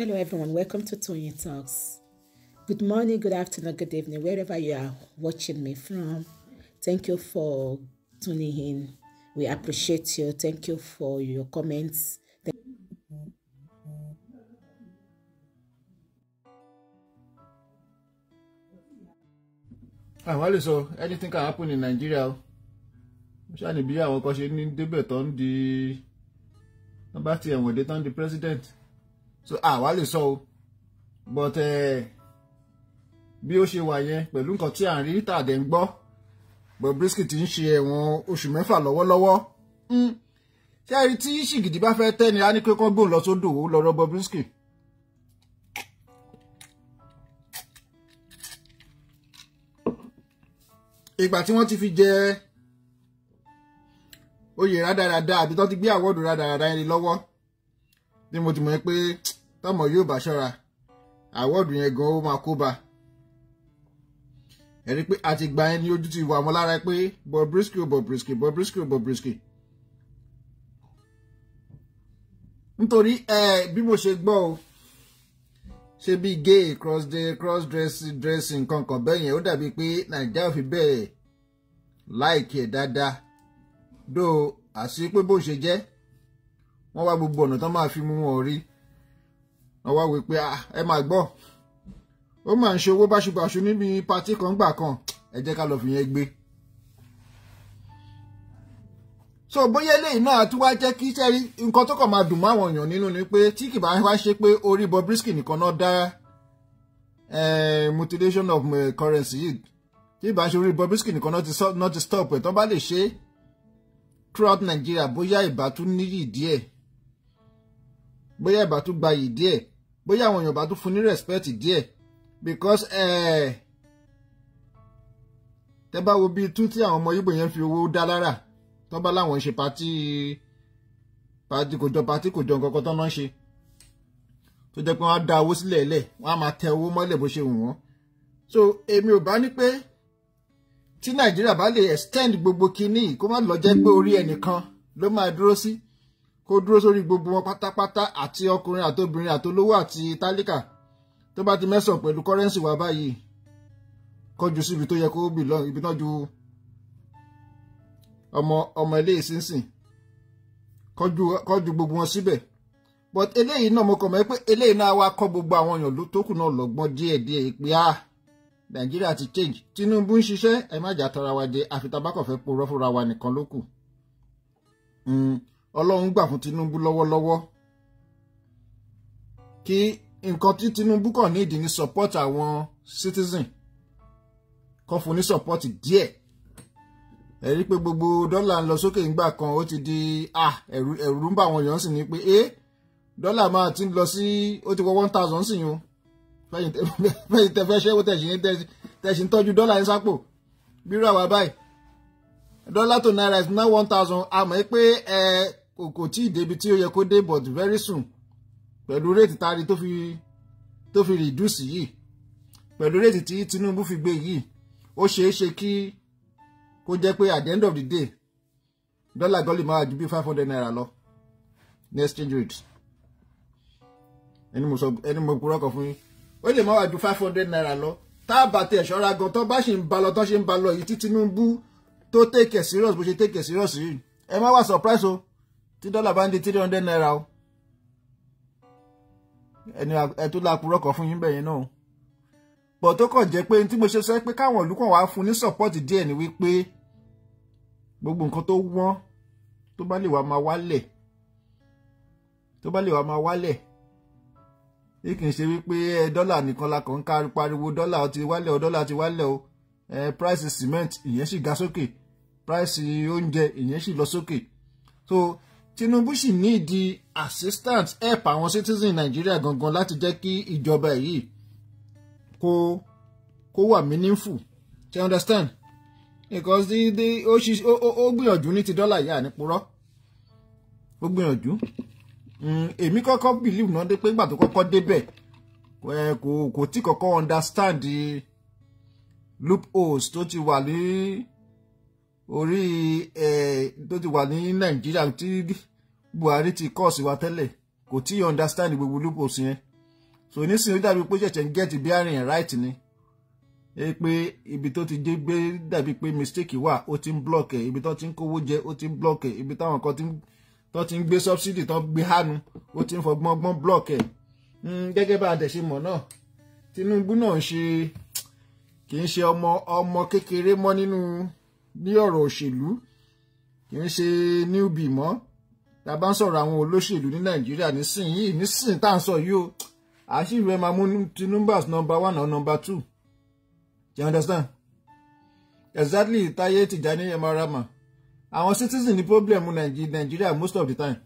Hello, everyone. Welcome to Toyeen Talks. Good morning, good afternoon, good evening, wherever you are watching me from. Thank you for tuning in. We appreciate you. Thank you for your comments. Thank ah, àwọn àlè sọ anything can happen in Nigeria o ṣáà níbi àwọn kan ṣe ní débẹ̀ tó ń di wọ́n bá ti ẹ̀wọ̀n dé tó ń di president so ah, lè sọ o but eh, bí ó ṣe wà yẹn pẹ̀lú nǹkan tí à ń rí tàdé ń gbọ́ Bobrisky ti ń ṣe ẹ̀wọ̀n oṣù mẹ́fà lọ́wọ́lọ́wọ́ hmm. ṣé ẹni tí ṣìgìdì bá fẹ́ tẹ́ni á ní pé kán gbóhùn lọ sódò do lọ́rọ́ Bobrisky. ìgbà tí wọ́n ti fi jẹ oyè rádaràda àbí tó ti gbé àwọ̀dù rádaràda ẹni lọ́wọ́ ni mo ti mọ̀ pé. Pe tọmọ yóò bá ṣọ́ra àwọ́ọ̀dù yẹn gan ó máa kó ba ẹ̀rí pé àti gbà yẹn ní ojú ti wà mọ́ lára pé Bobrisky Bobrisky Bobrisky Bobrisky nítorí ẹ bí mo ṣe gbọ́ o ṣe bí gay cross day cross dressing dressing kankan bẹ́ẹ̀ yẹn ó dàbí pé nàìjíríà ò fi bẹ́ẹ̀ láìkí ẹ̀ dáadáa dó àṣírí bó ṣe jẹ́ wọ́n wá gbogbo ọ̀nà tán máa fi mú wọn rí wọ́n wá wí pé ah, ẹ máa gbọ́ ó máa ń ṣe owó báṣubàṣu níbi patí kan gbà kan ẹ jẹ́ ká lọ fìyẹn gbé. so bóyá eléyìí náà tún wá jẹ́ kí sẹ́rí nǹkan tó kàn máa dùn mọ́ àwọn èèyàn nínú ni pé tí kì wá ṣe pé orí Bobrisky nìkan náà dá mutilation of currency yìí tí ìbá ṣe orí Bobrisky nìkan náà ti stop ẹ̀ tán bá lè ṣe throughout Nigeria bóyá ìbá tún níyì díẹ̀ bóyá ìbá tún gbayì díẹ̀ bóyá àwọn èèyàn bá tún fún ní respect díẹ̀ because eh, tẹ bá wo bíi tú tí àwọn ọmọ Yíbò yẹn fi owó dá lára tọ́ bá láwọn ń ṣe pati pati kò jọ pati kò jọ nǹkan kan tọ́ náà ń ṣe tó jẹ́ pé wọ́n á da owó sílẹ̀ lẹ̀ wọ́n á máa tẹ owó mọ́lẹ̀ bó ṣe wù wọ́n so èmi ò bá ní pé tí Nàìjíríà bá lè extend gbogbo kinní kó má lọ jẹ́ pé orí ẹnìkan ló máa dúró sí. Si kó dúró sórí gbogbo wọn pátápátá àti ọkùnrin àtobìnrin àtolówó àti tálíkà tó bá ti mẹ́sàn pẹ̀lú kọ́rẹ́ǹsì wa báyìí kọjú síbi tó yẹ kó bì lọ ibi náà ju ọmọ ọmọ eléyìí sínsìn kọjú kọjú gbogbo wọn síbẹ̀ but eléyìí náà mo kọ̀ mọ́ pé eléyìí náà wá kọ́ gbogbo àwọn èèyàn ló tó kù náà lọ́gbọ́n díẹ̀díẹ̀ pé a ah, nàìjíríà ti change tinubu ń ṣiṣẹ́ ẹ má jà tara wa jẹ àfi fẹ́ porọ́ fúnra wa nìkan ló kù. Hmm ọlọ́run gbà fún Tinubu lọ́wọ́lọ́wọ́ kí nǹkan tí Tinubu kàn ní ìdí ní support àwọn citizen kan fún ní support díẹ̀ ẹ rí pé gbogbo dọ́là ń lọ sókè ńgbà kan ó ti di ah, ẹ̀rù ń bà wọ́n yàn sí ni pé ẹ́ eh, dọ́là máa ti lọ sí ó ti wọ one thousand sí yun fẹ́yìn tẹ fẹ́ ṣẹ́wó tẹ̀sí ń tọ́jú dọ́là ní sápò bírò àwa báyìí dọ́là tó náírà is now one thousand àmọ́ pé ẹ eh, kò tí ì débi tí ó yẹ kó dé but very soon pẹ̀lú réètì tari tó fi tó fi reduce yìí pẹ̀lú réètì tí Tinubu fi gbé yìí ó ṣeé ṣe kí kó jẹ́ pé at the end of the day dọ́là gọ́lì máa ju bí five hundred naira lọ ní exchange rate ẹni mo sọ ẹni mo kúrọ́ kan fún yín ó lè má ju five hundred naira lọ tá a bá tẹ ṣọ́ra gan tó bá ṣe ń ba lọ tó ṣe ń ba lọ yìí tí Tinubu tó take serious bó ṣe take serious yìí ẹ má wà surprise o. Oh tí dọ́là bá ń di three hundred naira o ẹni ẹ tó la purọ́ kan fún yín bẹ́ẹ̀ yẹn náà bọ̀ tó kàn jẹ́ pé tí mo ṣe sọ pé káwọn ìlú kan wàá fún ní sọ́pọ́ọ̀tì díẹ̀ ni wípé gbogbo nǹkan tó wọ́n tó bá lè wá máa wálẹ̀ tó bá lè wá máa wálẹ̀ bí kì í ṣe wípé dọ́là nìkan la kàn ń kárí pariwo dọ́là ti wálẹ̀ o dọ́là ti wálẹ̀ o price cement ìyẹn sì ga sókè price oúnjẹ ìyẹn sì lọ sókè so Tinubu sì ní ìdí assistance help àwọn citizen Nàìjíríà gangan láti jẹ́ kí ìjọba yìí kó kó wà meaningful you understand because the the ó ṣi ó gbìyànjú ní ti dọ́là yìí ànípurọ́ ó gbìyànjú hmm, èmi kọ́kọ́ believe náà dé pé ìgbà tó kọ́kọ́ débẹ̀ eh, kò kò tí kọ́kọ́ understand the loopholes tó ti wà ní orí ẹ̀ tó ti wà ní nàìjíríà tí buhari ti kọ́ọ̀sì wa tẹ́lẹ̀ kò tí ì understand gbogbo lupus yẹn so nísìnyí ó dàbí pé ṣẹ̀ṣẹ̀ ń get bearing right ni pé ibi tó ti dé gbé dàbí pé mistake wà ó ti ń block ẹ̀ ibi tó ti ń kówó jẹ ó ti ń block ẹ̀ ibi táwọn kan ti ń gbé subsidy tó ń gbé hánu ó ti ń fọgbọ́n gbọ́n block ẹ̀ hmm, gẹ́gẹ́ bá a dẹ̀ ṣe mọ̀ náà Tinubu náà ń ṣe kì í ṣe ọmọ ọmọ kékeré mọ́ nínú ní ọ̀rọ̀ òṣèlú kì í ṣe newbie mọ́ tá a bá ń sọ̀rọ̀ àwọn olóṣèlú ní nàìjíríà nísìnyí nísìnyí tá à ń sọ yìí o àṣìwé máa mú tinubu as number one or number two you understand exactly táyé tìjàní ẹ máa ra mà àwọn citizen ní problem nàìjíríà most of the time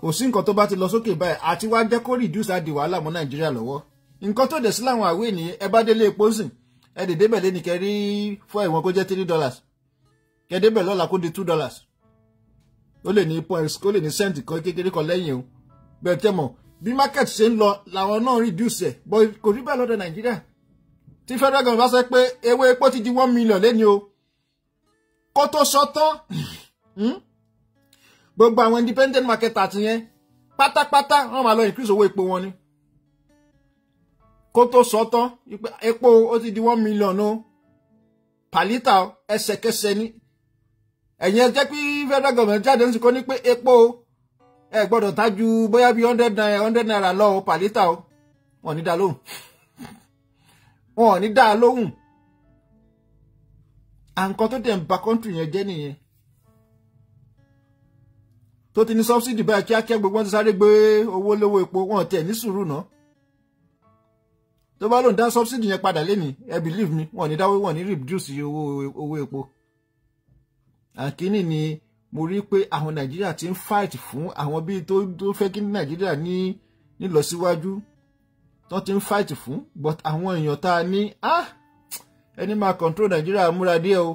kò sí nǹkan tó bá ti lọ sókè báyìí àti wá jẹ́ kó reduce àdìwálà mọ́ nàìjíríà lọ́wọ́ nǹkan tó dẹ̀ sí láwọn àwé nìyẹn ẹ bá délé epo sìn ẹ dè débẹ̀ lé ní kẹ rí fún ẹ̀wọ̀n kó jẹ́ three dollars kẹ débẹ̀ lọ́la kó di two dollars ó lè ní points ó lè ní cent kan kékeré kan lẹ́yìn o bẹ́ẹ̀ tẹ́ mọ̀ bí market ṣe ń lọ làwọn náà reduce ẹ̀ bọ́ kò rí bẹ́ẹ̀ lọ́dọ̀ nàìjíríà tí federal government bá sọ pé ewé epo ti di one million lẹ́ni o kó tó sọ tán hmm, gbogbo àwọn independent market àtìyẹn pátápátá wọ́n máa lọ increase owó epo wọn ni kó tó sọ tán epo ó ti di one million o pàlítà ẹsẹ̀kẹsẹ̀ ni ẹ̀yin ẹ jẹ́ pé federal government jáde ní kó ní pé epo ẹ gbọ́dọ̀ ta ju bóyá bíi hundred naira hundred naira lọ o pàlítà o wọn ò ní dá lóhùn wọn ò ní dá lóhùn à nǹkan tó dẹ̀ ń ba kọ́ńtù yẹn jẹ́ nìyẹn tó ti ní subsidy báyìí kíákíá gbogbo wọn ti sáré gbé owó lówó epo wọn ò tẹ̀ ní sùúrù náà tó bá lóun dá subsidy yẹn padà lẹ́ni ẹ believe me wọ́n ní dáwọ́ wọ́n ní reduce owó owó epo àkíní ni mo rí pé àwọn nàìjíríà ti ń fight fún àwọn bíi tó tó fẹ́ kí nàìjíríà ní nílọsíwájú tó ti ń fight fún but àwọn èèyàn tá a ní ah ẹni máa control nàìjíríà múra díẹ̀ o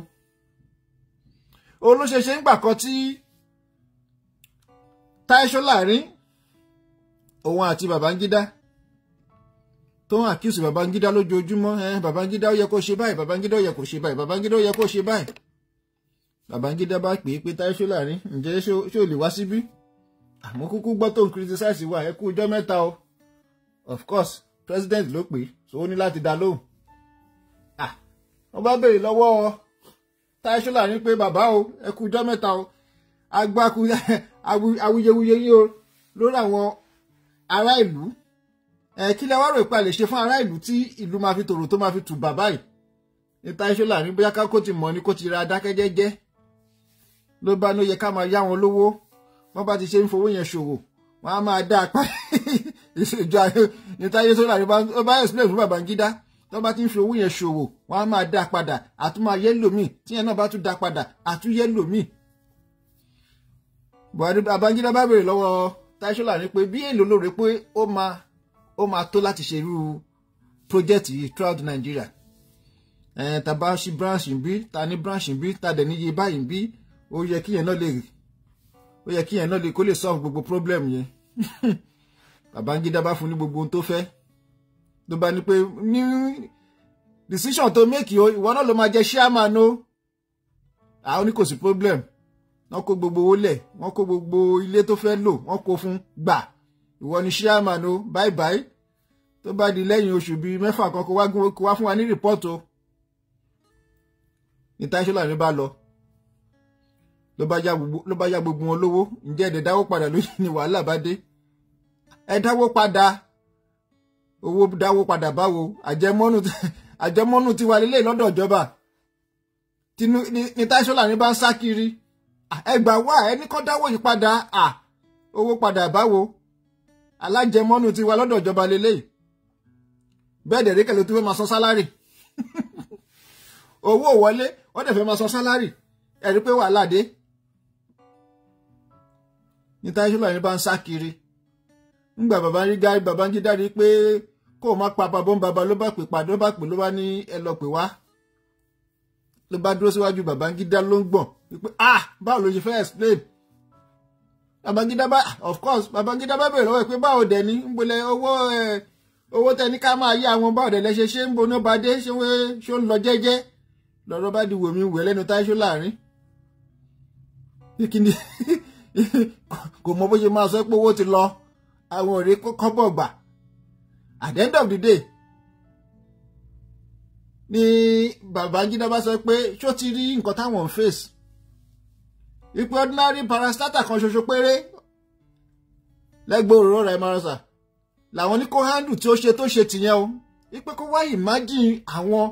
olóṣèṣe ń gbà kan tí Táíṣó Láàrin òun àti Babangida tó ń àkíyèsí Babangida lójoojúmọ́ ẹ Babangida ó yẹ kó ṣe báyìí Babangida ó yẹ kó ṣe báyìí Babangida ó yẹ kó ṣe báyìí Babangida bá pè é pé Táyé Sólàrí ǹjẹ́ ṣó lè wá síbí àmọ́ kúkú gbọ́ tó criticize wa ẹ kú ọjọ́ mẹ́ta o of course president ló pè so ó ní láti dá lóhùn ah wọ́n bá béèrè lọ́wọ́ ọ Táyé Sólàrí pé bàbá o ẹ kú ọjọ́ mẹ́ta o agbáku awuyewuye yìí o lórí àwọn ará ìlú ẹ kí lẹ wá rò pé a lè ṣe fún ará ìlú tí ìlú máa fi tòrò tó máa fi tù bàbá yìí níta ìṣọ́là ní bóyá ká kó ti mọ̀ ni kó ti ra dákẹ́ jẹ́jẹ́ ló bá ní ó yẹ ká máa yá wọn lówó wọ́n bá ti ṣe ń fowó yẹn ṣòwò wọ́n á máa dá apá ìṣèjọ ayé níta ìṣọ́là ní ó bá explain fún Babangida tó bá ti ń fi owó yẹn ṣòwò wọ́n á máa dá padà àtúmọ̀ ayé lòmíì tíyẹn náà bá tún dá padà àtúyẹ lòmíì Babangida bá béèrè lọ́wọ́ Táíṣọ́lá ní pé bí èlò lóore pé ó máa ó máa tó láti ṣe irú project yìí throughout Nigeria ẹ̀ẹ́n tàbá ṣí branch ń bí ta ní branch ń bí ta dẹ̀ níye báyìí ń bí ó yẹ kíyẹn náà lè ó yẹ kíyẹn náà lè kó lè solve gbogbo problem yẹn Babangida bá fún ní gbogbo ohun tó fẹ́ ló bá ní pé ní decision to make o ìwọ náà ló máa jẹ chairman o àwọn ní kò sí problem wọ́n kó gbogbo owó lẹ̀ wọ́n kó gbogbo ilé tó fẹ́ lò wọ́n kó fún gbà ìwọ ni chairman o bye bye tó bá di lẹ́yìn oṣù bíi mẹ́fà kan kó wá fún wa ní rìpọ́ọ̀tì o ní táṣọ́là mi bá lọ ló bá yá gbogbo wọn lówó ǹjẹ́ ẹ̀dẹ̀ dáwó padà lóyún ni wàhálà bá dé ẹ dáwó padà owó dáwó padà báwo àjẹmọ́nù tiwa lélẹ̀ lọ́dọ̀ ìjọba ní táṣọ́là mi bá ń sá kiri ẹ gbà wá ẹ ní kó dáwó yìí padà owó padà báwo alájẹmọ́nú ti wà lọ́dọ̀ ìjọba lélẹ́yìí bẹ́ẹ̀ dẹ̀ rékẹ̀ ló tún fẹ́ máa sọ sálárì owó wọlé wọ́n dẹ̀ fẹ́ máa sọ sálárì ẹ̀rí pé wàhálà dé ní táyé ṣọlá ní bá ń sá kiri ńgbà Babangida Babangida rí pé kó o má pa babó ń baba ló bá pè padà ló bá pè ló bá ní ẹ lọ pè wá ló bá dúró síwájú Babangida ló ń gbọ̀n wípé ah báwo ló ṣe fẹ́ explain Babangida bá of course Babangida bá bèrè lọ́wọ́ pé báwo dẹ̀ ní ń bolẹ̀ owó owó tẹ ní ká máa yá àwọn báwo dẹ̀ lẹ́sẹ̀ ṣé ń bo ní ó bá dé ṣé ó ń lọ jẹ́jẹ́ lọ́rọ́ bá di wòmí wẹ̀ lẹ́nu táṣó láàrin kíni kò mọ bó ṣe máa sọ pé owó ti lọ àwọn ọ̀rẹ́ kọ́bọ̀ gbà at the end of the day ni Babangida bá sọ pé ṣó ti rí nǹkan táwọn ń fèsì ipe ordinary parastatal kan ṣoṣo péré lẹ́gbẹ́ òróró rẹ̀ marasa làwọn ní kó handle tí ó ṣe tó ṣe tìyẹn o ipe kó wá imagine àwọn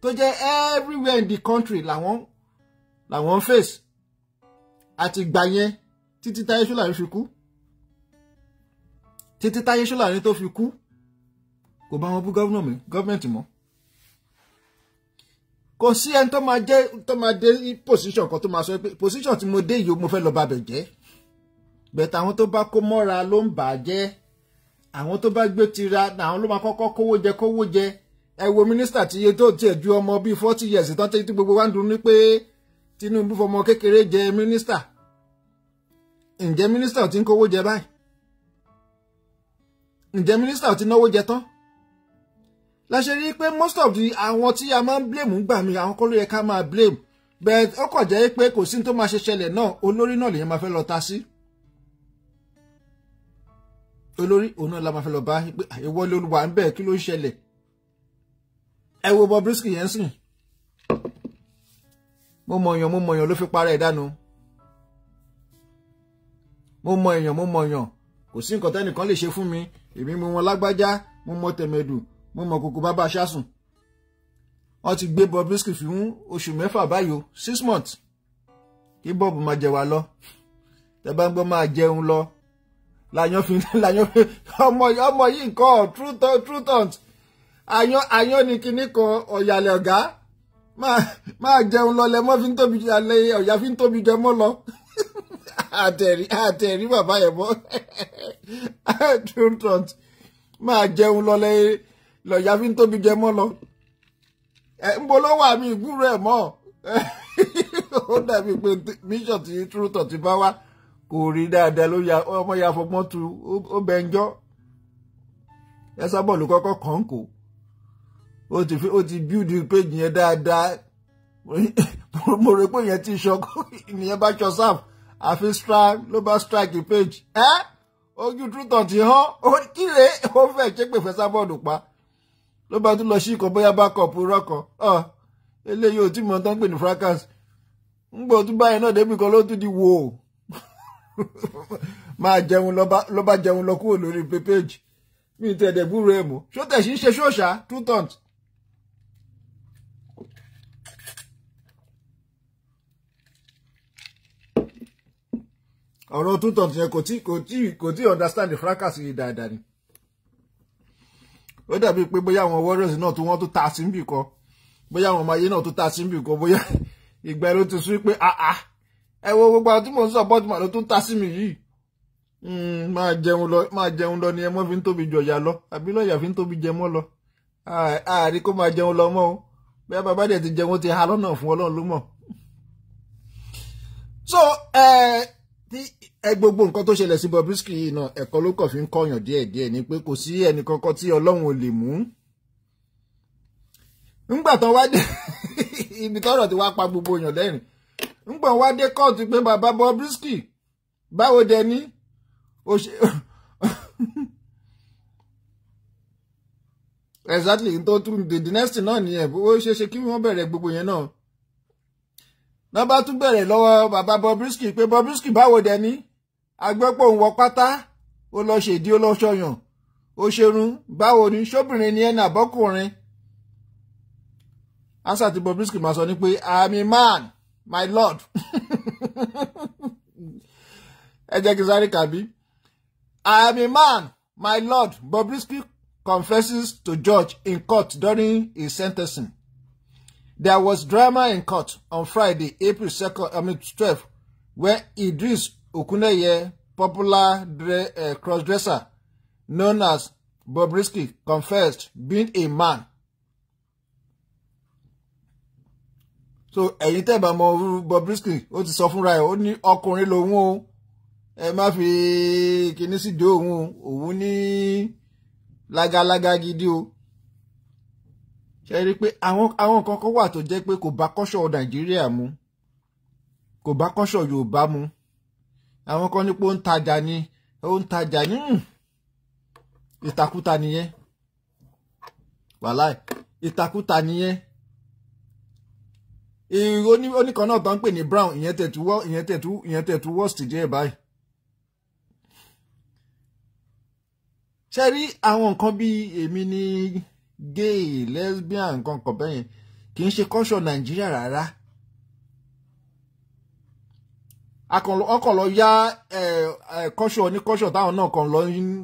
tó jẹ́ everywhere in the country làwọn làwọn ń face àti gbà yẹn títí táyé ṣúlàní fi kú títí táyé ṣúlàní tó fi kú kò bá wọn bú gọ́vnà mi gọ́vmẹ̀ntì mọ́ kò sí ẹni tó máa jẹ́ tó máa dé position kan tó máa sọ pé position tí mo dé yìí mo fẹ́ lọ bà bẹ̀ jẹ́ bẹ̀tẹ̀ àwọn tó bá kó mọ́ra ló ń bà á jẹ́ àwọn tó bá gbé tira àwọn ló máa kọ́kọ́ kówó jẹ kówó jẹ ẹ wo mínísítà tí iye tó tiẹ̀ ju ọmọ bíi forty years tán tí gbogbo wa ń dùn ní pé Tinubu fọmọ kékeré jẹ mínísítà ǹjẹ́ mínísítà ò ti ń kówó jẹ báyìí ǹjẹ́ mínísítà ò ti náwó jẹ tán la ṣe rí pé most of the àwọn tí a máa ń blame ń gbà mí àwọn kọ́ ló yẹ ká máa blame but ó kàn jẹ́ pé kò sí ní tó máa ṣe ṣẹlẹ̀ náà olórí náà lèyàn máa fẹ́ lọ ta sí olórí òun náà la máa fẹ́ lọ bá pé ah, ìwọ ló wà ń bẹ̀ kí ló ń ṣẹlẹ̀ ẹ wo Bobrisky yẹn sìn mo mọ èèyàn mo mọ èèyàn ló fi para ẹ̀ dànù mo mọ èèyàn mo mọ èèyàn kò sí nǹkan tẹ́nìkan lè ṣe fún mi èmi mo mọ lágbájá mo mọ tẹ̀mẹ̀dù mo mọ̀ kòkó bàbá aṣáṣùn wọ́n ti gbé Bobrisky fún oṣù mẹ́fà báyìí o six months kí Bob máa jẹ wá lọ tẹ bá ń gbọ́ máa jẹun lọ làyàn fi làyàn fi ọmọ ọmọ yìí nǹkan true taunt true taunt àyàn àyàn ni kinní kan ọ̀yàlẹ̀ ọ̀gá máa jẹun lọ lẹ́mọ́ fi ń tóbi alẹ́ ọ̀yà fi ń tóbi jẹ lọ àtẹ̀rí àtẹ̀rí bàbá yẹn mọ́ true taunt máa jẹun lọ lẹ́yìn lọ́ọ̀yà fi ń tóbi jẹ mọ́ lọ ẹ ń bolo wà mí ìgbúrò ẹ̀ mọ́ ó dàbí pé mission ti trútọ̀ ti bá wá kò rí dáadáa ló ya ọmọ ya fọgbọ́n tu ó bẹ ń jọ́ ẹ sábọ̀ ló kọ́kọ́ kàn kó ó ti fi ó ti build page yẹn dáadáa mo rò pé yẹn ti ṣọkọ ìnìyẹn bá ṣọ sáf àfi strike ló bá strike page ẹ ojú trútọ̀ ti hàn ó kí lè ó fẹ́ ṣépè fẹ́ sábọ̀dù pa ló bá tún lọ sí ikọ̀ bóyá bákọ̀pù rọ́kọ̀ ọ ah, eléyìí ò tí mọ̀ tán pè ní fracas ń gbọ́ tún báyìí náà débì ló tún di wò ó máa jẹun ló bá jẹun lọ kúrò lórí pépéjì mi tẹ̀dẹ̀ búrò ẹ̀ mọ́ ń ṣe ṣóòṣà two tons. ọ̀rọ̀ two tons yẹn kò tí kò tí kò tí understand the fracas yìí dáadáa ni ó dàbí pé bóyá àwọn warriors náà tó wọ́n tó ta sí níbì kan bóyá àwọn ọmọ ayé náà tó ta sí níbì kan bóyá ìgbà ló ti sún pé àà ẹ wo gbogbo àwọn tí mò ń support màá ló tó ta sí mi yìí hmm, máa jẹun lọ máa jẹun lọ ni ẹmọ fi ń tóbi jọ̀yà lọ àbí lọ́yà fi ń tóbi jẹmọ́ lọ àárí kó máa jẹun lọ mọ́ o bẹ́ẹ̀ bàbá dẹ̀ ti jẹun ti ha lọ́nà fún ọlọ́run ló mọ̀. so ẹ eh, ti ẹ gbogbo nǹkan tó ṣẹlẹ̀ sí Bobrisky yìí náà ẹ̀kọ́ ló kàn fi ń kọ̀yàn díẹ̀díẹ̀ ni pé kò sí ẹnìkankan tí Ọlọ́run ò lè mú ńgbà tán wá dé ibi tọ́rọ̀ ti wá pa gbogbo èèyàn lẹ́rìn ńgbà wá dé kóòtù pé bàbá Bobrisky báwo dẹ ní exactly n tó tún the next náà nìyẹn ó ṣeé ṣe kí wọ́n bẹ̀rẹ̀ gbogbo yẹn náà lọ́ba tún bẹ̀rẹ̀ lọ́wọ́ bàbá Bobrisky pé Bobrisky báwo dẹ ní agbẹ́pọ̀ ń wọ pátá ó lọ ṣèdí ó lọ ṣọyàn ó ṣerun báwo ni ṣóbìnrin ni ẹnà àbọ́kùnrin ansa ti Bobrisky máa sọ ni pé i'm a man my lord ẹ jẹ́ kí n sáré kàbí i'm a man my lord Bobrisky confesses to judge in court during his sentencing there was drama in court on Friday April 2nd I mean 12 when Idris Okuneye, popular dre uh, crossdresser known as Bobrisky, confessed being a man. So ẹ̀yin tẹ́ bá Bobrisky ó ti sọ fúnra ẹ̀ ó ní ọkùnrin lòun o ẹ má fi kinní sí di òun òun ní lágalága gidi o ṣe rí i pé àwọn àwọn kan kan wà tó jẹ́ pé kò bá kọ́ṣọ́ Nàìjíríà mu kò bá kọ́ṣọ́ Yorùbá mu àwọn kan ní pé ó ń tajà ni ó ń tajà ni hmm. ìtakúta nìyẹn wàláì ìtakúta nìyẹn èrò oníkan náà tó ń pè ní brown ìyẹn tẹ̀tú ìyẹn tẹ̀tú ìyẹn tẹ̀tú worst díẹ̀ báyìí. ṣe rí àwọn nǹkan bíi èmi ní gay lesbian nǹkan kan bẹ́yẹn kì í ṣe culture nàìjíríà rárá ọkọ̀ lọ yá kọ́ṣọ̀ oníkọ́ṣọ̀ táwọn náà kàn lọ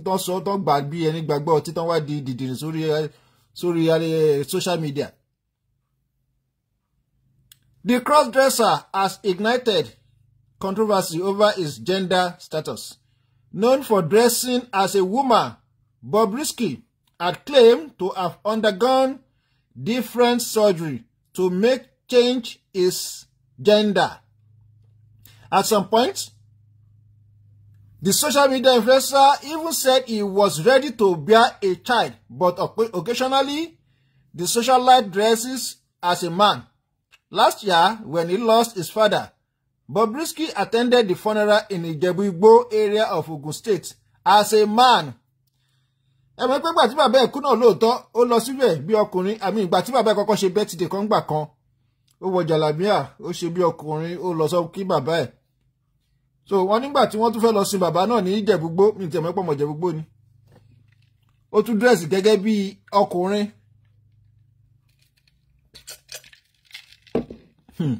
dọ́sọ tó gbà bí ẹni gbàgbọ́ ọtí tán wá di dìdìrín sórí social media. The crossdresser has ignited controversy over his gender status. Known for dressing as a woman, Bobrisky had claimed to have undergone different surgery to make change his gender. At some point, the social media influencer even said he was ready to bear a child, but occasionally the socialite dresses as a man. Last year, when he lost his father, Bobrisky attended the funeral in the igbo area of Ogun State as a man. Ẹ pé ìgbà bàbá ẹ̀ náà lóòótọ́, ó lọ síbẹ̀ bí ọkùnrin àmì ìgbà tí bàbá ẹ̀ kọ́kọ́ ṣe bẹ́tìdè kan gbà kan ó wọ jàlámíà ó ṣe bí ọkùnrin ó lọ sọ kí bàbá ẹ̀ so wọn nígbà tí wọ́n tún fẹ́ lọ sin bàbá náà ní ìjẹ̀búgbó ní tẹ̀mọ́ pọ̀mọ̀ ìjẹ̀búgbó ni ó tún dírẹ́sì gẹ́gẹ́ bí ọkùnrin hmm.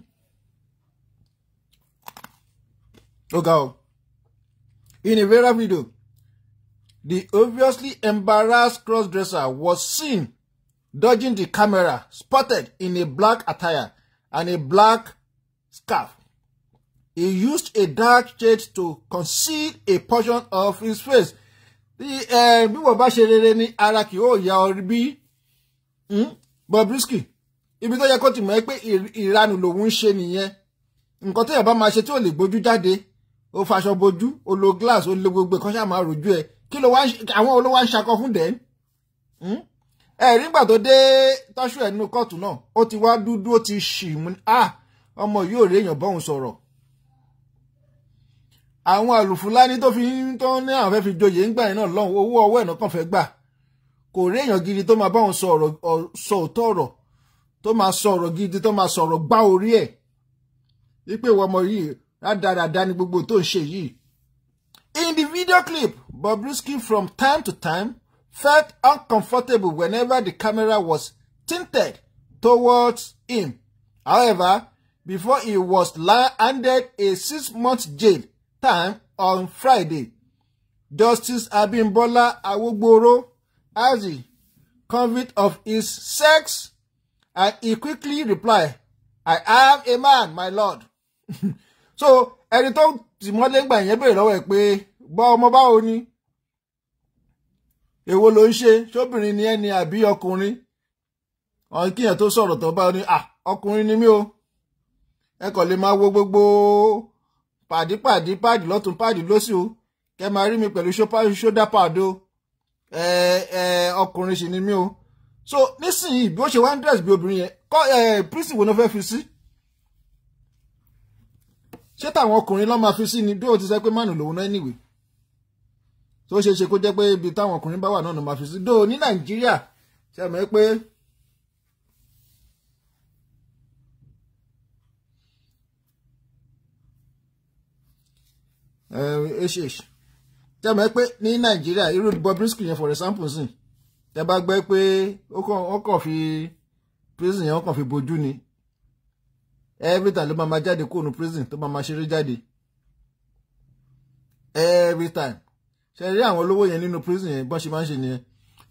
ó o in a viral video the obviously embarrassed crossdresser was seen dodging the camera spotted in a black attire and a black scarf. He used a dark shade to conceal a portion of his face. Bí wọ́n bá ṣe rere ni ara kì yóò ya ọ bí hmm? Bobrisky. Ibi tó yẹ kó ti mọ̀ ẹ́ pé ìranù lòun ń ṣe nìyẹn. Nǹkan téèyàn bá máa ṣe tí ò lè gbójú jáde. Ó faṣọ bojú, ó lo glass, ó lo gbogbo ìkọ́ṣà máa rojú ẹ̀. Kí ló wá àwọn olówó ń ṣakọ fún dẹ́n? ẹ̀rí nígbà tó dé tọ́ṣù ẹ̀ nínú náà ó ti wá dúdú ó ti ṣì mú ah, ọmọ yìí ò réèyàn bọ́hùn sọ̀rọ̀ àwọn àlùfúlání tó fi ń tán ní àwọn fẹ́ fi joyè yẹn lọ́hùn owó ọwọ́ gidi tó máa bọ́hùn sọ òótọ́ ọ̀rọ̀ tó máa sọ gidi tó máa sọ̀rọ̀ gbá orí ẹ̀ wípé ìwọ ọmọ yìí ni gbogbo tó ń ṣe yìí. In the video clip Bobrisky from time to time felt uncomfortable whenever the camera was tinted towards him. However, before he was handed a six-month jail time on Friday, Justice Abimbola Awogboro asked the convict of his sex, and he quickly replied, I am a man, my lord. so, ẹni tó tìmọ́lé gbà yẹn béèrè lọ́wọ́ ẹ̀ pé gbọ́ ọmọ èwo ló ń ṣe ṣóbìnrin ni ẹni àbí ọkùnrin ọ̀hún kíyàn tó sọ̀rọ̀ tó bá ní à ọkùnrin ni mí o ẹ kàn lè máa wo gbogbo pàdípàdí páàdì lọ́tún páàdì lósì o kẹ máa rí mi pẹ̀lú ṣódà páàdì ọkùnrin sì ni mí o so nísìnyìí bí ó ṣe wá ń dẹ̀sí bí obìnrin yẹn kọ́ ẹ wo ló fẹ́ fi sí ṣé táwọn ọkùnrin ló máa fi sí ni bí ó ti sẹ́ pé mánu lòun náà níwèé tó ṣe ṣe kó jẹ́ pé ibi táwọn ọkùnrin bá wà náà ló máa fi sí dò ní nàìjíríà ṣe mọ̀ pé hh eh, ṣe mọ̀ pé ní nàìjíríà irú Bobrisky yẹn for example sìn tẹ bá gbẹ́ pé ó kàn fi prison yẹn ó kàn fi bojú ni every ló máa ma jáde kúrò ní prison tó máa ma ṣeré jáde every time ṣe rí àwọn olówó yẹn nínú prison yẹn bọ́n ṣe máa ń ṣe nìyẹn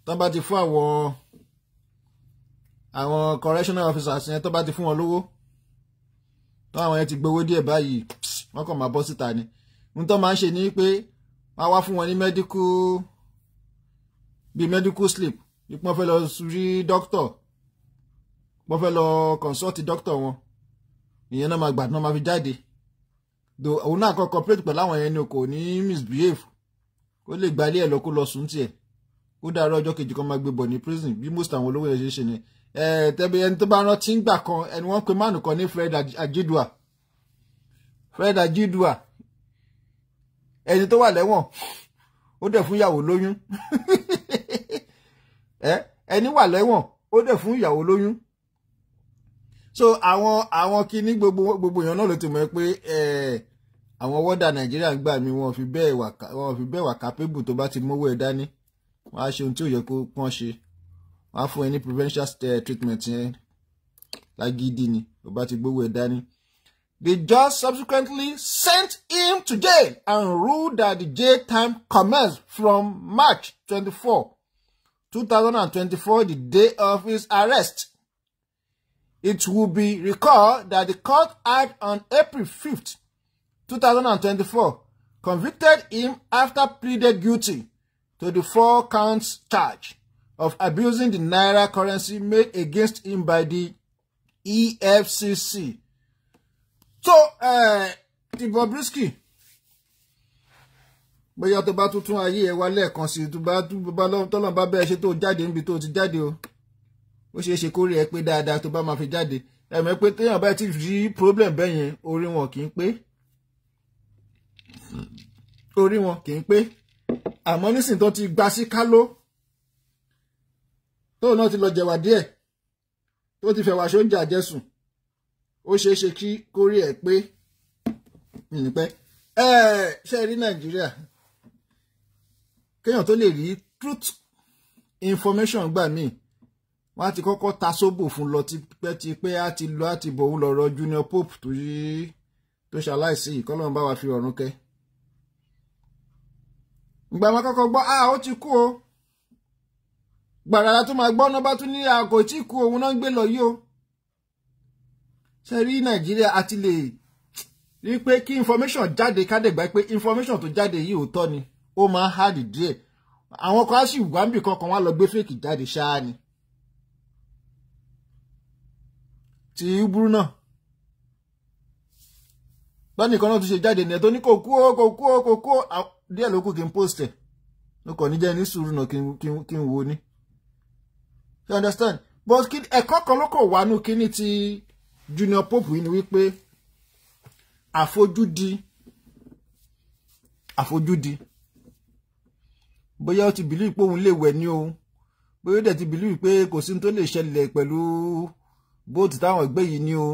tán bá ti fún àwọn àwọn correctional officers yẹn tán bá ti fún wọn lówó tán àwọn yẹn ti gbowó díẹ̀ báyìí wọ́n kàn máa bọ́ síta ni ohun tán máa ń ṣe ni pé wọ́n á wá fún wọn ní medical bíi medical slip ipò wọ́n fẹ́ lọ rí doctor wọ́n fẹ́ lọ consult doctor wọn ìyẹn náà máa gbà tí wọ́n máa fi jáde òun náà kọ́ cooperate pẹ̀lú àwọn yẹn ni o kò ní misbehave kó lè gbalé ẹ̀ lọ kó lọ sùn tiẹ̀ kó dàrú ọjọ́ kejì kan máa gbé bọ̀ ní prison bí most àwọn olówó yẹn ṣe ṣe ni tẹ́bi ẹni tó bá rántí ń gbà kan ẹni wọ́n pe mánu kan ní Fred Ajidua Fred Ajidua ẹni tó wà lẹ́wọ̀n ó dẹ̀ fún ìyàwó lóyún ẹni wà lẹ́wọ̀n ó dẹ̀ fún ìyàwó lóyún so àwọn àwọn kinní gbogbo gbogbo èèyàn náà ló ti mọ̀ pé ẹ̀ẹ́ àwọn wọ́dà nàìjíríà ń gbà mí wọn fi bẹ́ẹ̀ wà kápébù tó bá ti mówó ẹ̀ dání wọ́n á ṣe ohun tí ò yẹ kó pọ́n ṣe wọ́n á fún ẹ ní preferential eh, treatment yẹn lágídí ni tó bá ti gbówó ẹ̀ dání. The judge subsequently sent him to jail and ruled that the jail time commenced from March twenty-four, two thousand and twenty-four, the day of his arrest. It will be recalled that the court had on April fifth. 2024 convicted him after pleaded guilty to the four counts charge of abusing the naira currency made against him by the EFCC. So, uh, eh, ti Bobrisky, bóyá tó bá tuntun ayé ẹ wá lẹ́ẹ̀kan sí tó bá tọ́lọ́n bá bẹ́ẹ̀ ṣe tó jáde níbi tó ti jáde o ó ṣeé ṣe kórè ẹ pé dáadáa tó bá máa fi jáde ẹ̀mẹ́ pé téèyàn bá ti rí problem bẹ́yẹn orí wọn kì í pé orí wọn kì í pé àmọ́ nísìnyí tó ti gba sí káló tóun náà ti lọ jẹ̀wà díẹ̀ tó ti fẹ̀wà sóúnjẹ àjẹsùn ó ṣeé ṣe kí kórí ẹ̀ pé nìpẹ́ ẹ ṣe rí nàìjíríà kéèyàn tó lè rí truth information gbà míì wọ́n á ti kọ́kọ́ ta sóbò fún lọ tipẹ́tipẹ́ á ti lọ á ti bọ̀ òun lọ́rọ̀ junior pope tó ṣaláìsí ìkọlọ́run bá wa fi ọ̀run kẹ́ ìgbà máa kọ́kọ́ gbọ́ a ah, ó ti kú o gbàràrà tó máa gbọ́ ọ́nà bá tún ní a ah, kò tí kú òun náà ń gbé lọ yìí o ṣe rí nàìjíríà àti lè rí pé kí information jáde kádẹ́gbà pé information tó jáde yìí ò tọ́ ni ó máa ń hard díẹ̀ àwọn kan á sì kankan wá lọ gbé fèkì jáde ṣáá ni. ti iburu náà báni kan náà tún ṣe jáde nìyẹn tó ní kò kú o kò kú o kò kú o díẹ̀ ló kù kí n post ẹ̀ mo kàn ní jẹ́ ní sùúrù náà kí n wo ni you understand but ẹ̀kọ́ kan ló kọ̀ wá nù kíní ti junior pope yìí ni wípé àfojúdi àfojúdi bóyá ó ti bìlú pé òun lè wẹ̀ ní òun bóyá ó dẹ̀ ti bìlú pé kò sí tó lè ṣẹlẹ̀ pẹ̀lú bóòtù táwọn ẹgbẹ́ yìí ní o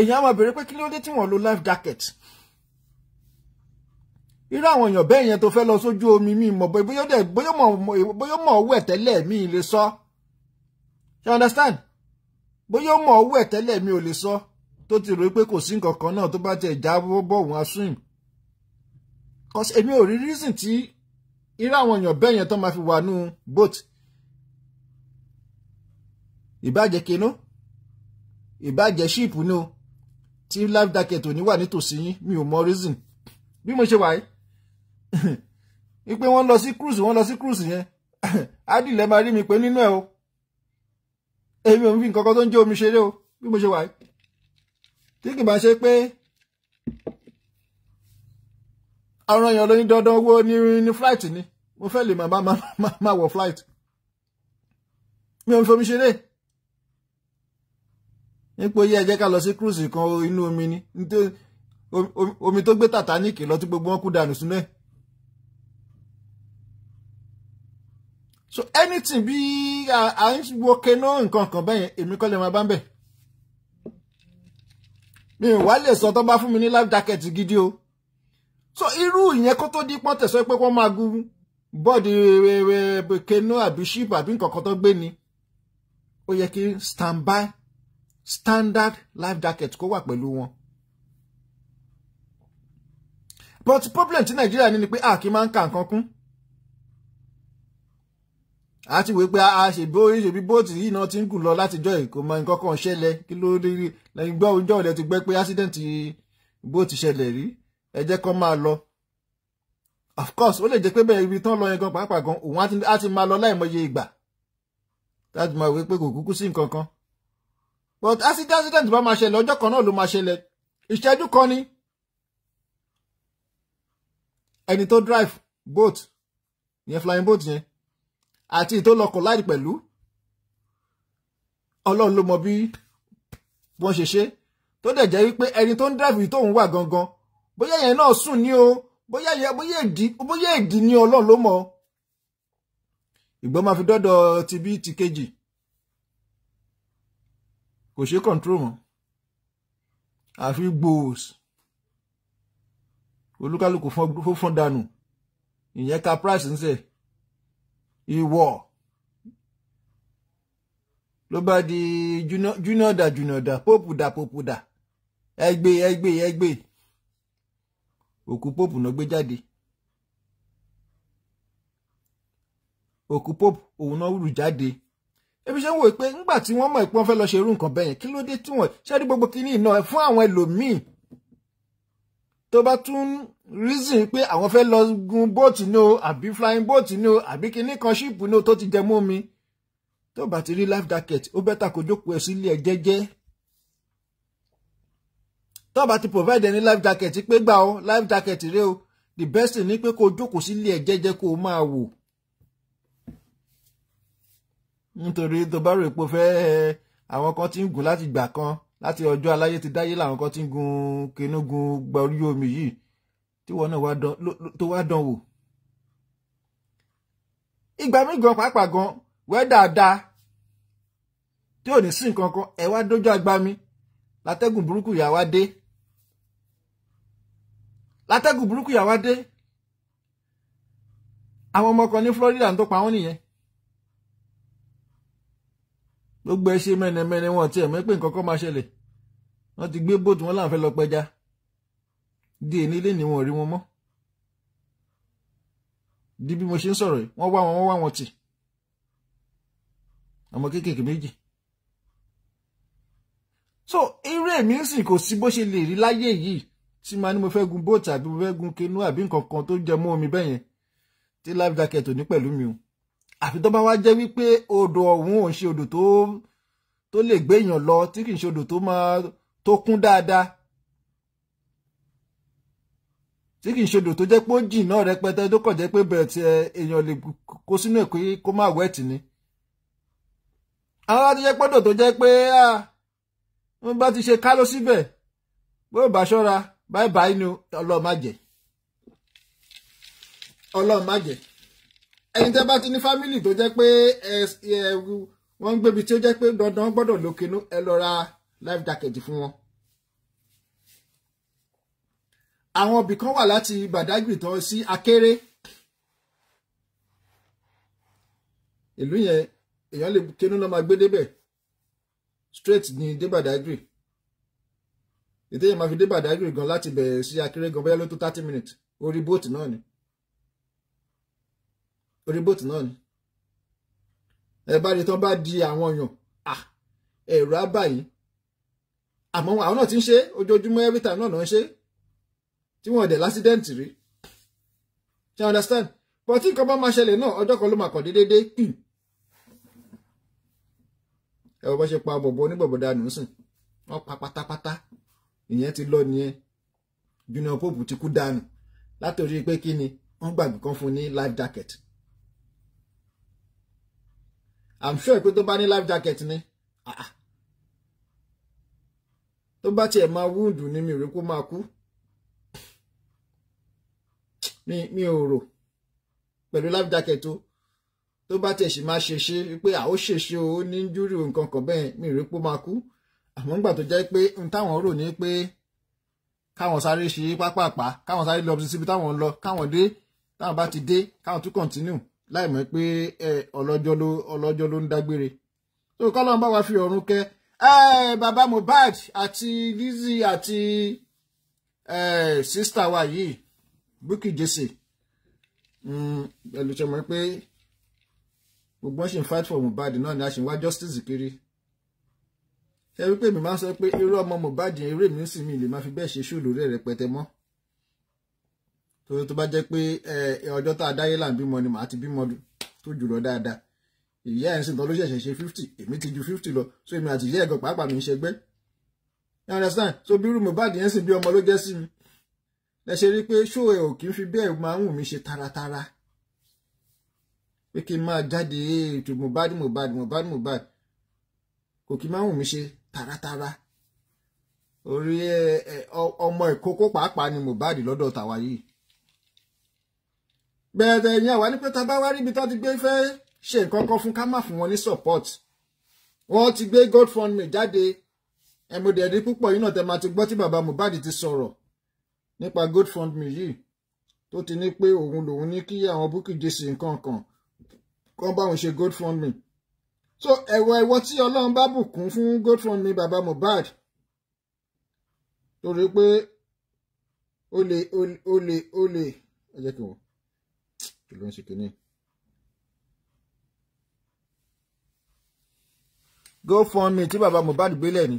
èèyàn á máa béèrè pé kí ló dé tí wọ́n lo life jacket irú àwọn èèyàn bẹ́ẹ̀ yẹn tó fẹ́ lọ sójú omi mi mọ̀ bóyá mọ̀ wẹ̀ tẹ́lẹ̀ mi lè sọ you understand bóyá mọ̀ wẹ̀ tẹ́lẹ̀ mi ò lè sọ tó ti rò pé kò sí nǹkan kan náà tó bá tiẹ̀ já bọ́ òun á swim cause èmi ò rí reason tí irú àwọn èèyàn bẹ́ẹ̀ yẹn tó máa fi wà nù boat ìbàjẹ́ kinú ìbàjẹ́ ship ni o tí life jacket ò ní wà nítòsí yín mi ò mọ reason bí mo ṣe wà yìí wípé wọ́n lọ sí cruise wọ́n lọ sí cruise yẹn adìlẹ̀ máa rí mi pé nínú ẹ̀ o èmi ò ń fi nǹkan kan tó ń jẹ́ omi ṣeré o bí mo ṣe wà yìí tí kì bá ṣe pé àwọn èèyàn ló ní dandan owó ní ní flight ni mo fẹ́ lè máa máa wọ̀ flight mi ò ń fi omi ṣeré nípò yẹ ẹ jẹ́ ká lọ sí cruise kan inú omi ni omi tó gbé Titanic lọ tí gbogbo wọn kú dànù sínú ẹ̀. so anything bí à ń wo kená nǹkan kan bẹ́yẹn èmi kọ́ lè máa bá ń bẹ̀ mi ò wá lè sọ tó bá fún mi ní life jacket gidi o so irú ìyẹn kó tó di pọ́n tẹ̀sọ́ pé wọ́n máa gun bọ́ọ̀dì eh, eh, eh, kená àbí ship àbí nǹkan kan tó gbé ni ó yẹ kí stand by standard life jacket kó wà pẹ̀lú wọn but problem ti Nàìjíríà ní ni pé a kì í máa ń ka nǹkan kún a ti wí pé a ṣèbó ṣèbí bóòtù yìí náà ti ń gùn lọ látijọ́ yìí kò mọ nǹkan kan ṣẹlẹ̀ kí ló dé rí lẹ́yìn gbọ́ ọjọ́ ilẹ̀ ti gbẹ́ pé accident bóòtù ṣẹlẹ̀ rí ẹ jẹ́ kán máa lọ of course ó lè jẹ́ pé bẹ́ẹ̀ ibi tán lọ yẹn gan pàápàá gan òun á ti máa lọ láìmọye ìgbà láti máa wí pé kò kúkú sí nǹkan kan but accident bá máa ṣẹlẹ̀ ọjọ́ kan náà ló máa ṣẹlẹ̀ ìṣẹ́jú kan ni ẹni tó drive boat yẹn flying boat yẹn àti ètò lọkọ̀ láì pẹ̀lú ọlọ́run ló mọ bí wọ́n ṣe ṣe tó dẹ̀ jẹ́ wípé ẹni tó ń dráìfì tóun wà gangan bóyá yẹn náà sùn ní o bóyá yẹ bóyá èdì bóyá èdì ní ọlọ́run ló mọ̀ ìgbọ́n máa fi dọ́dọ̀ ti bí ti kejì kò ṣe kọ̀ǹtró mọ́ àfi gbòòs olúkálùkù fún dànù ìyẹn ka price ń sẹ́ẹ̀ ìwọ ló bá di júnàdà júnàdà pópùdà pópùdà ẹgbẹ ẹgbẹ ẹgbẹ òkú pópù náà gbé jáde òkú pópù òun náà rù jáde ebi ṣe ń wò pé ńgbà tí wọ́n mọ̀ pé wọ́n fẹ́ lọ ṣe irú nǹkan bẹ́yẹn kí ló dé tí wọ́n ṣe rí gbogbo kínní náà fún àwọn ẹlòmíì tó bá tún reason pé àwọn fẹ́ lọ gun bóòtù ní o àbí flying bóòtù ní o àbí kinní kan ṣíìpù ní o tó ti jẹ mọ́ mi tó bá ti rí life jacket ó bẹ́tà kó jókòó ẹ̀ sílé ẹ̀ jẹ́jẹ́ tó bá ti provide ẹni life jacket pé gbà ó life jacket rẹ o the best thing ni pé kó jókòó sílé ẹ̀ jẹ́jẹ́ kó o máa wò nítorí tó bá rò pé fẹ́ àwọn kan ti ń gùn láti gbà kan láti ọjọ́ aláyé ti dáyé làwọn kan ti ń gun kinú gun gba orí omi yìí tí wọn náà wá dán tó wá dán wò ìgbà míì gan pàápàá gan wẹ́ dáadáa tí ò ní sí nǹkan kan ẹ wá dójú àgbá mi látẹ́gùn burúkú yà wá dé látẹ́gùn burúkú yà wá dé àwọn ọmọ kan ní Florida tó pa wọ́n nìyẹn gbogbo ẹ ṣe mẹ́nẹmẹ́nẹ wọn tiẹ̀ mọ̀ pé nǹkan kan máa ṣẹlẹ̀ wọ́n ti gbé bóòtù wọn láǹfẹ́ lọ pẹja di èní ilé ni wọn rí wọn mọ́ di bí mo ṣe ń sọ̀rọ̀ yìí wọ́n wá wọn wọ́n wá wọn tì ọmọ kéékèèké méjì so irú èmi ń sìn kò sí bó ṣe lè rí láyé yìí tí màá ní mo fẹ́ gun bóòtù àbí mo fẹ́ gun kinú àbí nǹkan kan tó jẹ mọ́ omi bẹ́yẹn tí life jacket ò ní pẹ̀lú mi o àfi tó bá wá jẹ́ wípé odò ọ̀hún ò ń ṣe odò tó lè gbé èèyàn lọ tí kì í ṣe odò tó kún dáadáa tí kì í ṣe odò tó jẹ́ pé ó jìn náà rẹpẹtẹ tó kàn jẹ́ pé bẹ̀rẹ̀ tí eh, èèyàn lè kó sínú ẹ̀ kó má wẹ̀tì ni. àwọn láti jẹ́ pọ́dọ̀ tó jẹ́ pé wọ́n bá ti ṣe kálọ́ síbẹ̀ bóyá bá ṣọ́ra báyìí báyìí ni ọlọ́ọ̀ má jẹ́ ọlọ́ọ̀ má jẹ́ ẹ̀yin tẹ́ bá ti ní fámìlì tó jẹ́ pé wọ́n ń gbébi tí ó jẹ́ pé dandan gbọ́dọ̀ lókè ẹ lọ ra life jacket fún wọn àwọn ibì kan wà láti Badagry tán sí Akéré ìlú yẹn èèyàn lè kéwọ́n náà máa gbé débẹ̀ straight ní dé Badagry ìtẹ́yẹ̀ máa fi dé Badagry gan láti bẹ̀rẹ̀ sí Akéré gan bóyá ló tó thirty minutes orí bóòtù náà ni orí bóòtù náà ni ẹ bá rí tán bá di àwọn èèyàn ẹ̀rọ á báyìí àmọ́ àwọn náà ti ń ṣe ojoojúmọ́ every time náà náà ń ṣe tí wọ́n dẹ̀ lásídẹ́ǹtì rí ṣe understand but tí nǹkan bá máa ṣẹlẹ̀ náà ọjọ́ kan ló máa kàn déédéé dé kì hmm. ẹ wọ́n bá ṣe pa bọ̀bọ̀ oníbọ̀bọ̀ dànù sìn wọ́n pa pátápátá ìyẹn ti lọ nìyẹn Junior Pope ti kú dànù látòrí pé kí ni wọ́n gbàgbé kan fún ní life jacket i'm sure pé tó bá ní life jacket ni tó bá tiẹ̀ máa wúndù ni mi ò rí kó máa kú mi mi ò rò pẹ̀lú life jacket o tó bá tẹ̀ ṣì máa ṣe ṣe pé àó ṣe ṣe o ní júrì nǹkan kan bẹ́ẹ̀ mi rí pé ó máa kú àmọ́ nígbà tó jẹ́ pé n táwọn rò ní pé káwọn sáré ṣe pápápá káwọn sáré lọ síbi táwọn ń lọ káwọn dé táwọn bá ti dé káwọn tún kọ̀ǹtínú láì mọ̀ pé ọlọ́jọ́ ló ọlọ́jọ́ ló ń dágbére tó kọ́ lọ́n bá wa fi ọ̀run kẹ́ bàbá Mohbad àti Lizzy àti sísítà wa yìí Bukky Jesse hmm, ẹlòṣẹ mọ̀ pé gbogbo ṣe ń fight for Mohbad náà ni a ṣe ń wá justice kiri ṣe wípé mi máa ń sọ pé irú ọmọ Mohbad eré mi sì mi lè máa fi bẹ́ẹ̀ ṣe ṣù lórí ẹ̀ rẹpẹtẹ mọ́ torí tó bá jẹ́ pé ọjọ́ tá a dáyé là ń bímọ ni màá ti bímọ tó jùlọ dáadáa ìyá ẹ̀ ń sìn tán ló ṣẹ̀ṣẹ̀ ṣe fifty èmi ti ju fifty lọ so èmi àti ìyá ẹ̀gàn pàápàá mi ń ṣẹgbẹ́ you understand so bí irú Mohbad yẹn sì bí ọmọ ló jẹ́ sí mi lẹ ṣe rí pé ṣó ẹ ò kí n fi bẹ́ẹ̀ máa ń wù mí ṣe taratara pé kí n máa jáde ètò Mohbad Mohbad Mohbad Mohbad kò kí n máa ń wù mí ṣe taratara orí ọmọ ìkókó pàápàá ni Mohbad lọ́dọ̀ tàwa yìí bẹ̀rẹ̀ ìyẹn wà ní pé tá a bá wá rí ibi tó ti gbé fẹ́ ṣe nǹkan kan fún ká má fún wọn ní support wọ́n ti gbé GoFundMe jáde ẹ̀mọ̀dẹ̀ẹ́dẹ́ púpọ̀ yìí náà tẹ́ máa ti gbọ́ tí bàbá Mohbad ti sọ̀rọ̀ nípa GoFundMe yìí tó ti ní pé òun lòun ní kí àwọn Bukky Jesse nǹkan kan kan báwọn ṣe GoFundMe so ẹ̀wọ̀ ẹ̀wọ̀ tí Ọlọ́run bá bùkún fún GoFundMe bàbá Mohbad torí pé ó lè ó lè ó lè ẹ jẹ́ kí wọ́n kí ló ń ṣe kínní. GoFundMe tí bàbá Mohbad gbélé ni.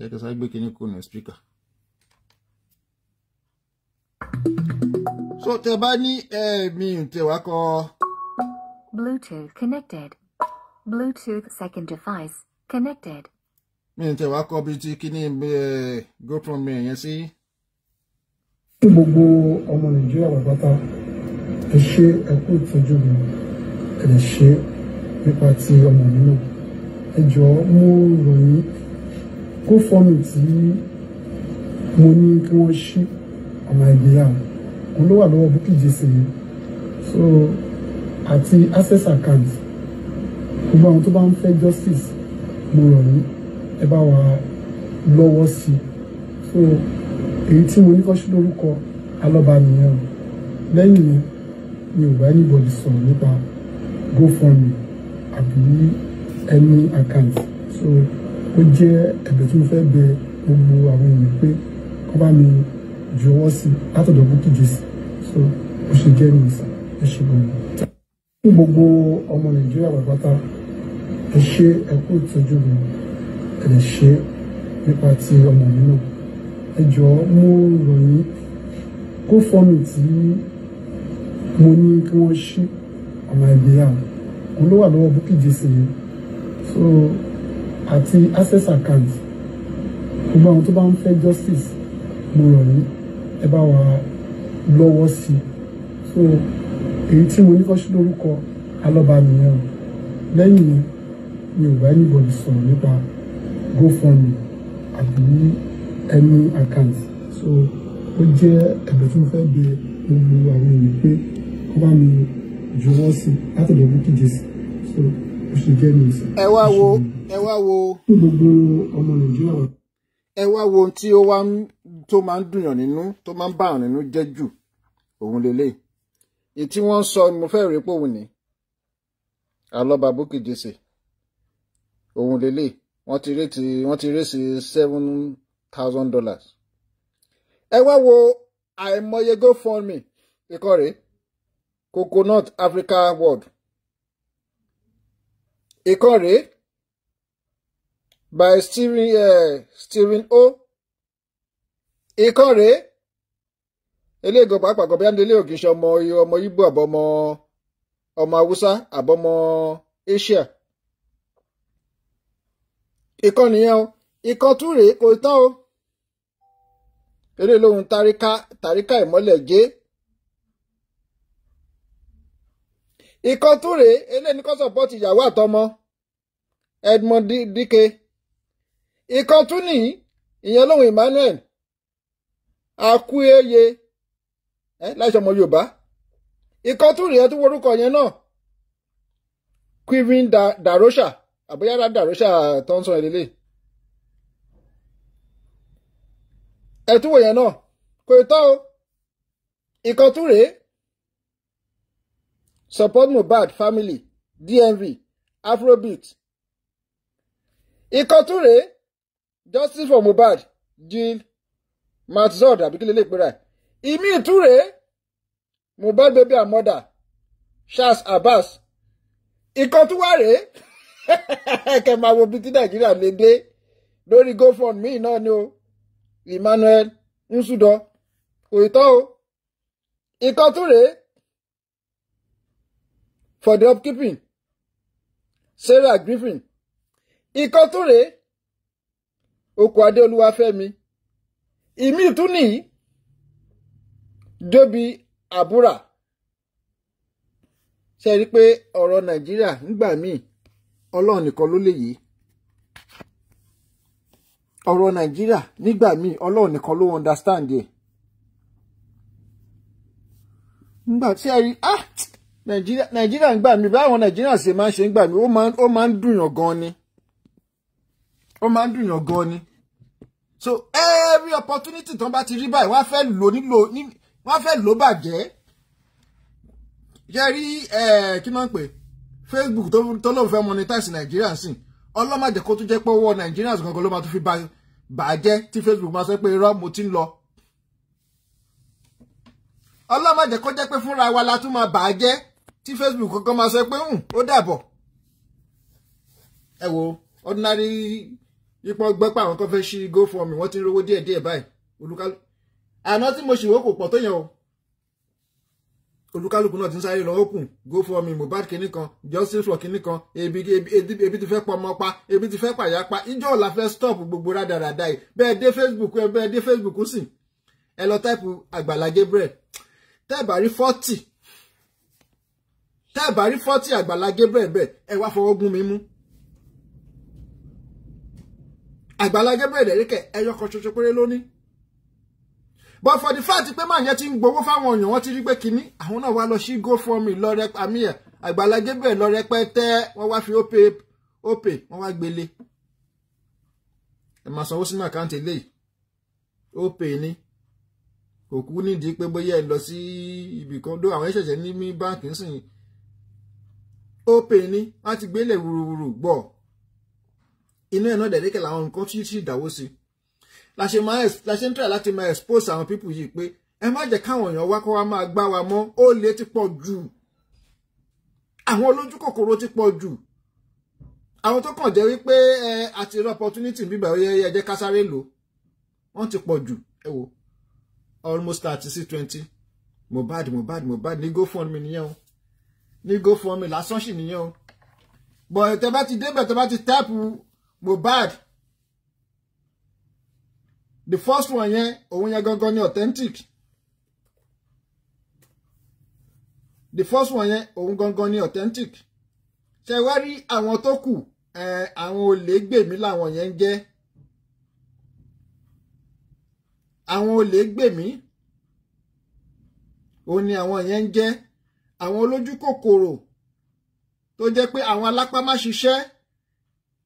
yẹ kí sáré gbé kíní kùnú spíkà. so tẹ bá ní ẹ̀ẹ̀mí tẹ wá kọ. bluetooth connected bluetooth second device connected. mi tẹ wá kọ bí ti kíní gopro mi yẹn sí. ní gbogbo ọmọ nàìjíríà wà pátá ẹ ṣe ẹ kú ìtọ́jú mi ẹ ṣe nípa ti ọmọ mi náà ẹ jọ̀ọ́ mo rọ̀ GoFundMe tí mo ní kí wọ́n ṣí ọ̀nà ìgbéyàwó òun ló wà lọ́wọ́ Bukky Jesse yìí so àti access account gbogbo àwọn tó bá ń fẹ́ justice mo rọ̀ ní ẹ bá wa lọ́wọ́ sí so èyí tí mo ní kọ́ sí lórúkọ alọ́ba nìyẹn o lẹ́yìn yẹn mi ò bá anybody sọ̀rọ̀ nípa GoFundMe àbí any account so ó jẹ́ ẹ̀bẹ̀ tí mo fẹ́ bẹ gbogbo àwọn èèyàn pé kọ́ bá mi jọ̀wọ́ sí látọ̀dọ̀ Bukky Jesse so ó ṣe jẹ́ mi sí ẹ ṣe gbogbo. fún gbogbo ọmọ Nàìjíríà pàápàá ẹ ṣe ẹ kú ìtọ́jú mi ẹ lè ṣe nípa ti ọmọ mi náà ẹ jọ̀ọ́ mo rọ̀ kó fọ́ọ̀mù tí mo ní kí wọ́n ṣí ọ̀nà ìgbéyàwó òun ló wà lọ́wọ́ Bukky Jesse yẹn so àti access account gbogbo àwọn tó bá ń fẹ́ justice mo rọ̀ yín ẹ bá wa lọ́wọ́ sí so èyí tí mo ní kọ́ sí lórúkọ alọ́ba nìyẹn o lẹ́yìn yẹn mi ò bá anybody sọ̀rọ̀ nípa gofundme àbí ẹnu account so ó jẹ́ ẹ̀bẹ̀ tí mo fẹ́ bẹ gbogbo àwọn èèyàn pé kó bá mi jọ̀wọ́ sí i látọ̀dọ̀ bí kìjì sí so ṣe ẹ wá wo ẹ wo. fún wo ohun tí ó wá tó máa ń dùnyàn nínú tó máa ń bàyàn nínú jẹ́ jù òun lélẹ̀ èyí tí sọ mo fẹ́ rèé pò wùn ní alọ́ba bókè jèsè òun lélẹ̀ wọ́n ti rétí wọ́n ti seven thousand dollars ẹ wá wo àìmọye gofundme ìkọrẹ coconut africa world ìkan rèé by Stephen uh, eh, Stephen O ìkan rèé eléègò pàápàá gọbí andélé ògì ṣe ọmọ ọmọ Ìgbò àbọmọ ọmọ Haúsá àbọmọ Asia ìkan nìyẹn o ìkan tún rèé kò tán o eré lóhun tàríkà tàríkà ìmọ́lẹ̀ jẹ́ ìkan tún rèé eléyìí kan ìyàwó àtọmọ Edmond Dike ìkan tún nìyí ìyẹn lóhùn Emmanuel Akuyeye ẹ ọmọ Yorùbá tún rèé tún worúkọ yẹn náà Quivin Darosha àbúyára Darosha tó yẹn náà kò Support Mohbad Family DMV Afrobeat. Ikọ̀ tún Justice for Mohbad Jill Matzod àbíkílẹ̀ lè pera ẹ̀. Ìmí ìtún rèé Mohbad baby and mother Charles Abbas. Ikọ̀ tún wá rèé kẹ máa wo bíi tí Nàìjíríà lè dé lórí GoFundMe náà ni o Emmanuel Nsúdọ̀ kò tọ́ o. Ikọ̀ for the upkeeping Sarah Griffin ikọ́ tó rèé okò Adéolúwafẹ́mi ìmí tún nìyí Jóbi Àbúrà ṣe rí i pé ọ̀rọ̀ Nàìjíríà nígbà míì Ọlọ́run nìkan ló lè ọ̀rọ̀ Nàìjíríà nígbà míì Ọlọ́run nìkan ló understand ẹ̀ mba tí ah. nàìjíríà nàìjíríà ń gbà mí báwọn nàìjíríà ṣe máa ń ṣe ń gbà mí ó máa ń dùnyàn gan ni ó máa ń dùnyàn gan ni so every opportunity tó ń bá ti rí báyìí wọ́n á fẹ́ lò nílò wọ́n á fẹ́ lò bàjẹ́ yẹ́rí kí máa ń pè Facebook tó lóun fẹ́ monetize nàìjíríà sìn ọlọ́màjẹ́ kó tún jẹ́ pé owó nàìjíríà gangan ló máa tún fi bàjẹ́ tí Facebook máa sọ pé irọ́ mo ti ń lọ ọlọ́màjẹ́ kó jẹ́ pé fúnra wa la tún máa bàjẹ́ tí Facebook kankan máa sọ pé hmm, ó dàbọ̀ ẹ wo ordinary ipò gbẹ́pà àwọn kan fẹ́ ṣí GoFundMe wọ́n ti ń rówó díẹ̀díẹ̀ báyìí olúkálù àná tí mo ṣìwọ́ kò pọ̀ tó yẹn o olúkálùkù náà ti ń sáré lọ ókùn GoFundMe Mohbad kinní kan Justice for kinní kan ebi ti fẹ́ pọ ọmọ pa ebi ti fẹ́ pàyà pa ìjọ ọ̀la fẹ́ stop gbogbo rádaràda yìí bẹ́ẹ̀ dé Facebook ẹ bẹ́ẹ̀ dé Facebook sì ẹ lọ táìpù Àgbàlá Gabriel tẹ́ẹ̀ bá rí forty tẹ́ ẹ̀ bá rí fọ́tì àgbàlá Gabriel bẹ́ẹ̀ ẹ wá fọwọ́ gún mi mú àgbàlá Gabriel dẹ̀ríkẹ̀ ẹyọ kan ṣoṣo péré lónìí but for the fact pé màá yẹn ti ń gbowó fáwọn èèyàn wọn ti rí pé kinní àwọn náà wá lọ sí GoFundMe lọ́rẹ́ àmì ẹ̀ àgbàlá Gabriel lọ rẹpẹtẹ wọ́n wá fi ópè ópè wọ́n wá gbélé ẹ máa sanwó sínú àkáǹtì eléyìí ópè ni kò kú nídìí pé bóyá ẹ lọ sí ibì kan dó àwọn ẹ̀ṣẹ̀ṣẹ̀ ní mí báǹkì ń sìn yìí open ni wọ́n ti gbélé wùrùwùrù gbọ́ inú ẹ̀ náà dẹ̀dẹ́kẹ̀ làwọn nǹkan tí sì dáwó sí la ṣe ń tẹ̀ láti máa expose àwọn people yìí pé ẹ má jẹ́ káwọn èèyàn wá kó wá máa gbá wa mọ́ ó lè ti pọ̀ jù àwọn olójú kòkòrò ti pọ̀ jù àwọn tó kàn jẹ́ wípé ẹ àti irú opportunity bíbá ẹ jẹ́ ká sáré lò wọ́n ti pọ̀ jù ẹ wo almost thirty sí twenty Mohbad Mohbad Mohbad ní GoFundMe nìyẹn o ní gofundme lásán sì nìyẹn o bọ̀ tẹ́ bá ti débẹ̀ tẹ́ bá ti táàpù Mohbad the first one yẹn òun yẹn gangan ni authentic the first one yẹn òun gangan ni authentic ṣe wá rí àwọn tó kù àwọn olè gbèmí làwọn yẹn ń jẹ́ àwọn olè gbèmí òun ni àwọn yẹn ń jẹ́ àwọn olójú kòkòrò tó jẹ́ pé àwọn alápá má ṣiṣẹ́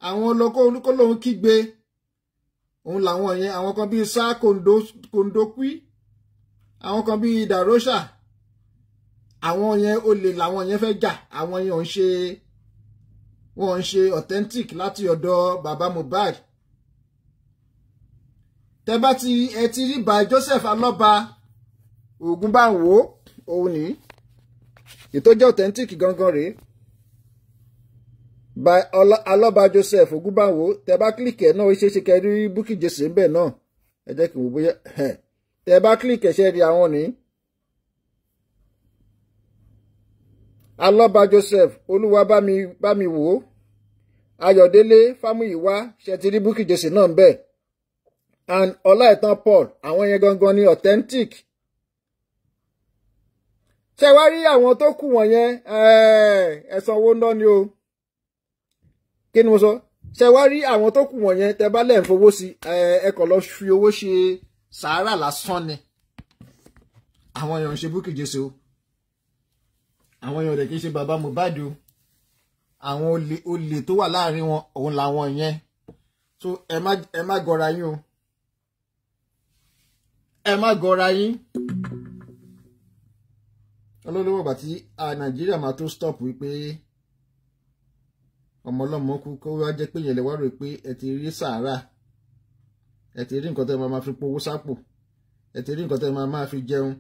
àwọn ọlọ́kọ́ olúkọ́lóhun kígbe òun làwọn yẹn àwọn kan bíi sá kòǹdókí àwọn kan bíi dàrósà àwọn yẹn olè làwọn yẹn fẹ́ jà àwọn yẹn ò ń ṣe wọn ń ṣe authentic láti ọ̀dọ̀ baba Mohbad tẹ bá ti ẹ ti rí ba Joseph Alọ́ba Ògúnbàwò òun nìyí ìtọ́jọ́ authentic gangan rèé by alọ́ba Joseph Ògúnbàwó tẹ́ bá kílìkì ẹ̀ náà ó ṣeéṣe kẹrí Bukky Jesse ńbẹ̀ náà ẹ jẹ́ kí n wò bóyá tẹ́ bá kílìkì ẹ̀ṣẹ́ rí àwọn ní. alọ́ba Joseph olúwa bá mi wò ó Ayọ̀délé Fámúyìwá ṣètìrí Bukky Jesse náà ńbẹ̀ and Ọláìtàn Paul àwọn yẹn gangan ni authentic ṣe wá rí àwọn tó kù wọ̀nyẹn ẹ̀sán owó ná ni o kí ni mo sọ ṣe wá rí àwọn tó kù wọ̀nyẹn tẹ bá lẹ́ ń fowó sí ẹ kàn lọ fi owó ṣe sàárà lásán ni àwọn èèyàn ń ṣe Bukky Jesse o àwọn èèyàn rẹ̀ kì í ṣe bàbá Mohbad o àwọn olè tó wà láàrin wọn òun làwọn yẹn so ẹ má gọra yín o ẹ má gọra yín ọlọ́lọ́wọ́ ìgbà tí nàìjíríà máa tó stop wípé ọmọ ọlọ́mọ kú kó wá jẹ́ pé yẹn lè wá rò pé ẹ ti rí sàárà ẹ ti rí nǹkan tẹ́ máa fi powó sápò ẹ ti rí nǹkan tẹ́ máa fi jẹun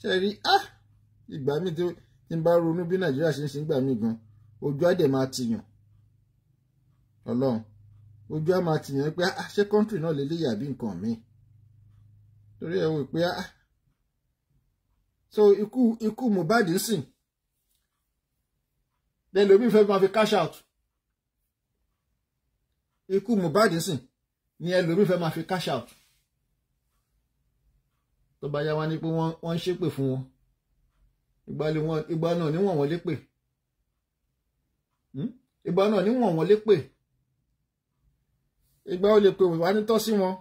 ṣe rí ah ìgbà mi tó ti ń bá ronú bí nàìjíríà ṣe ń ṣe ń gbà mí gan ojú á dẹ̀ máa tìyàn ọlọ́run ojú á máa tìyàn pé ah ṣé kọ́ńtì náà lè léyà bí nǹkan mi torí ẹ wò pé ah so ikú ikú Mohbad ń sìn then lomi fẹ́ máa fi cash out ikú Mohbad ń sìn ni ẹlòmí fẹ́ máa fi cash out tó bá yá wá ní pé wọ́n ń ṣépè fún wọn ìgbà náà níwọ̀n wọn lépè ìgbà náà níwọ̀n wọn lépè ìgbà ó lè pè wá nítọ́sí wọn